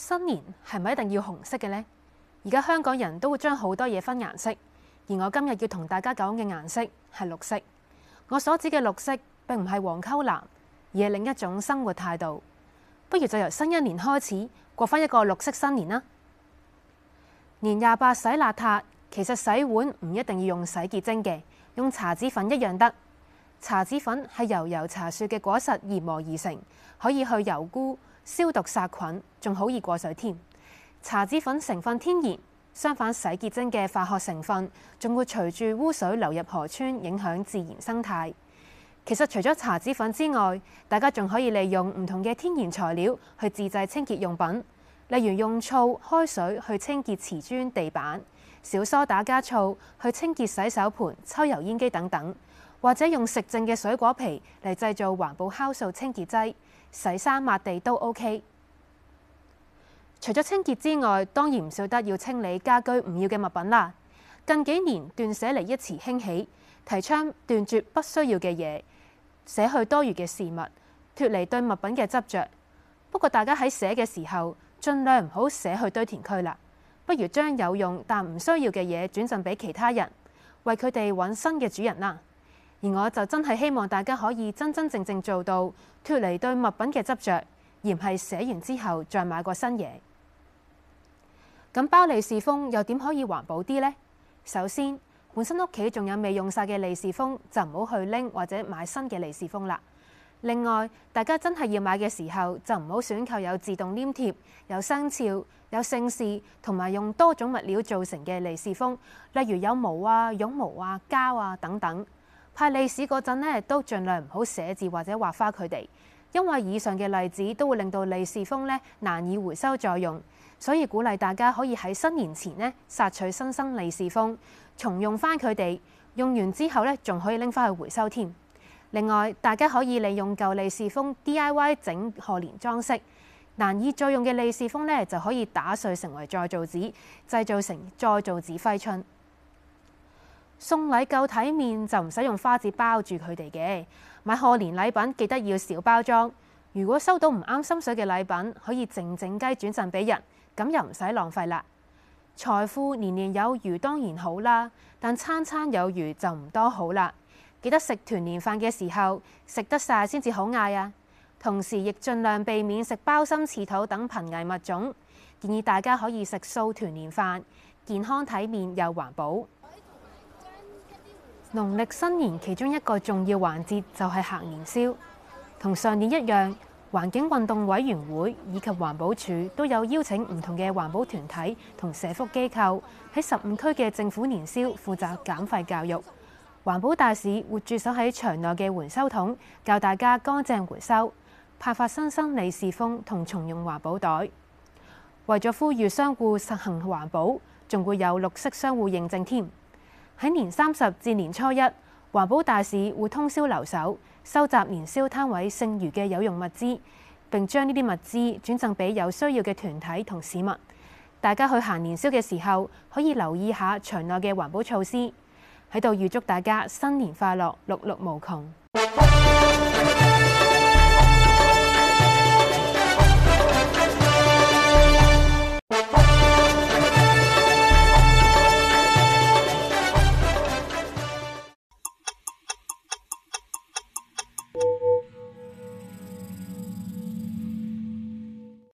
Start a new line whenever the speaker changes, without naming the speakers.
新年係咪一定要紅色嘅呢？而家香港人都會將好多嘢分顏色，而我今日要同大家講嘅顏色係綠色。我所指嘅綠色並唔係黃溝藍，而係另一種生活態度。不如就由新一年開始過返一個綠色新年啦！年廿八洗邋遢，其實洗碗唔一定要用洗潔精嘅，用茶籽粉一樣得。茶籽粉係由油茶樹嘅果實研磨而成，可以去油污。消毒殺菌仲好易過水添，茶籽粉成分天然，相反洗潔精嘅化學成分仲會隨住污水流入河川，影響自然生態。其實除咗茶籽粉之外，大家仲可以利用唔同嘅天然材料去自製清潔用品，例如用醋開水去清潔瓷磚地板，小梳打加醋去清潔洗手盤、抽油煙機等等。或者用食剩嘅水果皮嚟製造環保酵素清潔劑，洗衫抹地都 OK。除咗清潔之外，當然唔少得要清理家居唔要嘅物品啦。近幾年斷捨離一詞興起，提倡斷絕不需要嘅嘢，捨去多餘嘅事物，脫離對物品嘅執着。不過，大家喺捨嘅時候，儘量唔好捨去堆填區啦，不如將有用但唔需要嘅嘢轉贈俾其他人，為佢哋揾新嘅主人啦。而我就真係希望大家可以真真正正做到脱離對物品嘅執着，而唔係寫完之後再買個新嘢。咁包利是封又點可以環保啲呢？首先，本身屋企仲有未用晒嘅利是封，就唔好去拎或者買新嘅利是封啦。另外，大家真係要買嘅時候，就唔好選購有自動黏貼、有生肖、有盛事同埋用多種物料做成嘅利是封，例如有毛啊、絨毛啊、膠啊等等。派利是嗰陣呢，都儘量唔好寫字或者畫花佢哋，因為以上嘅例子都會令到利是封呢難以回收再用，所以鼓勵大家可以喺新年前呢剷取新生利是封，重用翻佢哋。用完之後呢，仲可以拎翻去回收添。另外，大家可以利用舊利是封 D.I.Y. 整賀年裝飾。難以再用嘅利是封呢，就可以打碎成為再造紙，製造成再造紙揮春。送禮夠體面就唔使用，用花紙包住佢哋嘅，買賀年禮品記得要少包裝。如果收到唔啱心水嘅禮品，可以靜靜雞轉贈俾人，咁又唔使浪費啦。財富年年有餘當然好啦，但餐餐有餘就唔多好啦。記得食團年飯嘅時候，食得晒先至好嗌啊。同時亦盡量避免食包心刺肚等瀕危物種，建議大家可以食素團年飯，健康體面又環保。農曆新年其中一個重要環節就係行年宵，同上年一樣，環境運動委員會以及環保署都有邀請唔同嘅環保團體同社福機構喺十五區嘅政府年宵負責減廢教育。環保大使會駐守喺場內嘅回收桶，教大家乾淨回收，派發新生利是封同重用環保袋。為咗呼籲商戶實行環保，仲會有綠色商戶認證添。喺年三十至年初一，環保大使會通宵留守，收集年宵攤位剩餘嘅有用物資，並將呢啲物資轉贈俾有需要嘅團體同市民。大家去行年宵嘅時候，可以留意下場內嘅環保措施。喺度預祝大家新年快樂，碌碌無窮！